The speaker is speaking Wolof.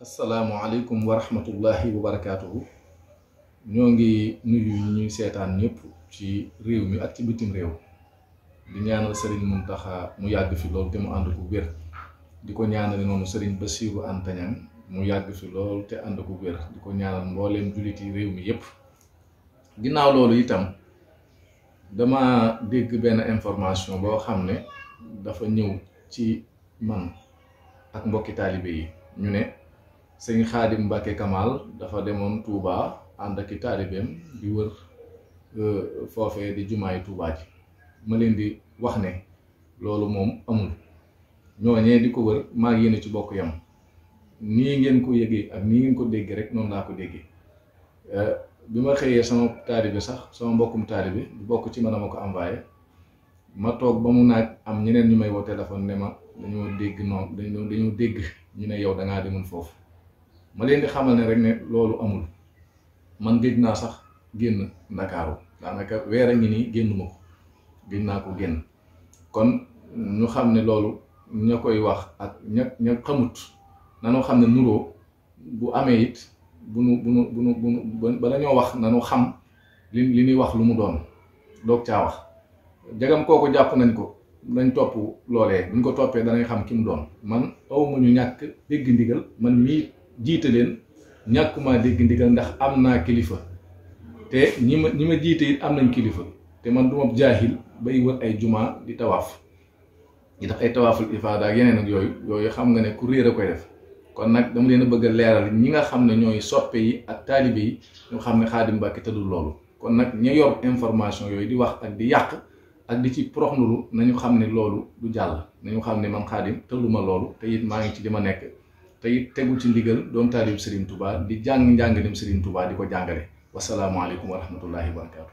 asalaamualeykum wa rahmatullahi wa barakaatuhu ñoo nuyu ñuy seetaan ñëpp ci réew mi ak ci bitim réew di ñaanal Serigne Muntaha mu yagg fi lool te mu and ko wër. Diko ñaanal nonu Serigne Bassirou Antagnan mu yagg fi lool te and ko wër. Diko ñaanal mbolem juliti yi réew mi yep. Ginaaw loolu itam dama dégg ben information bo xamné dafa ñew ci man ak mbokki talibé yi ñu né sëñ Xaadim Mbàkke Kamal dafa demoon Touba ànd ak i taalibeem di wër euh, foofee di jumaay Touba ji ma leen di wax ne loolu moom amul ñooñee di ko wër maa ngi ci bokk yam nii ngeen ko yëgee ak nii ngeen ko déggee rek noonu laa ko déggee euh, bi ma xëyee sama taalibe sax sama mbokkum taalibe bu bokk ci ma a ma ko envoyé ma toog ba mu nag am ñeneen ñu may woo téléphone ne ma dañoo dégg noonu dégg ñu ne yow da demoon foofu. ma leen di xamal ne rek ne lolu amul man gej na sax genn ndakaaru da naka wera ngi ni génnuma ko génn ko genn kon ñu xamne ne ñakoy wax ak ñak xamut nañu xamne ne bu amé it bunu bunu bunu, nu bu nu wax nanu xam li li ñuy wax lu mu doon dok ca wax jagam kooku japp nañ ko dañ topp lolé buñ ko topé xam ki doon man aw ñu ñak dégg ndigal man mi jiite leen ñàkkumaa dégg ndigal ndax am naa kilifa te ñi ma ñi ma jiite it am nañ kilifa te man du ma bay wër ay jumaa di tawaaf di tax ay tawaaful ifaada ak yeneen ak yooyu yooyu xam nga ne ku réer a koy def kon nag dama leen a bëgg a leeral ñi nga xam ne ñooy soppe yi ak taalibe yi ñu xam ne Xaadim Mbàkke tëddul loolu kon nag ña yor information yooyu di wax ak di yàq ak di ci proxnulu nañu xam ne loolu du jàll nañu xam ne man Xaadim tëdduma loolu te it maa ngi ci li ma tey tegu ci ndigal doon taalib Serigne Touba di jàng njàng dem Serigne Touba di ko jàngale wasalaamualeykum wa rahmatullahi wa barakatu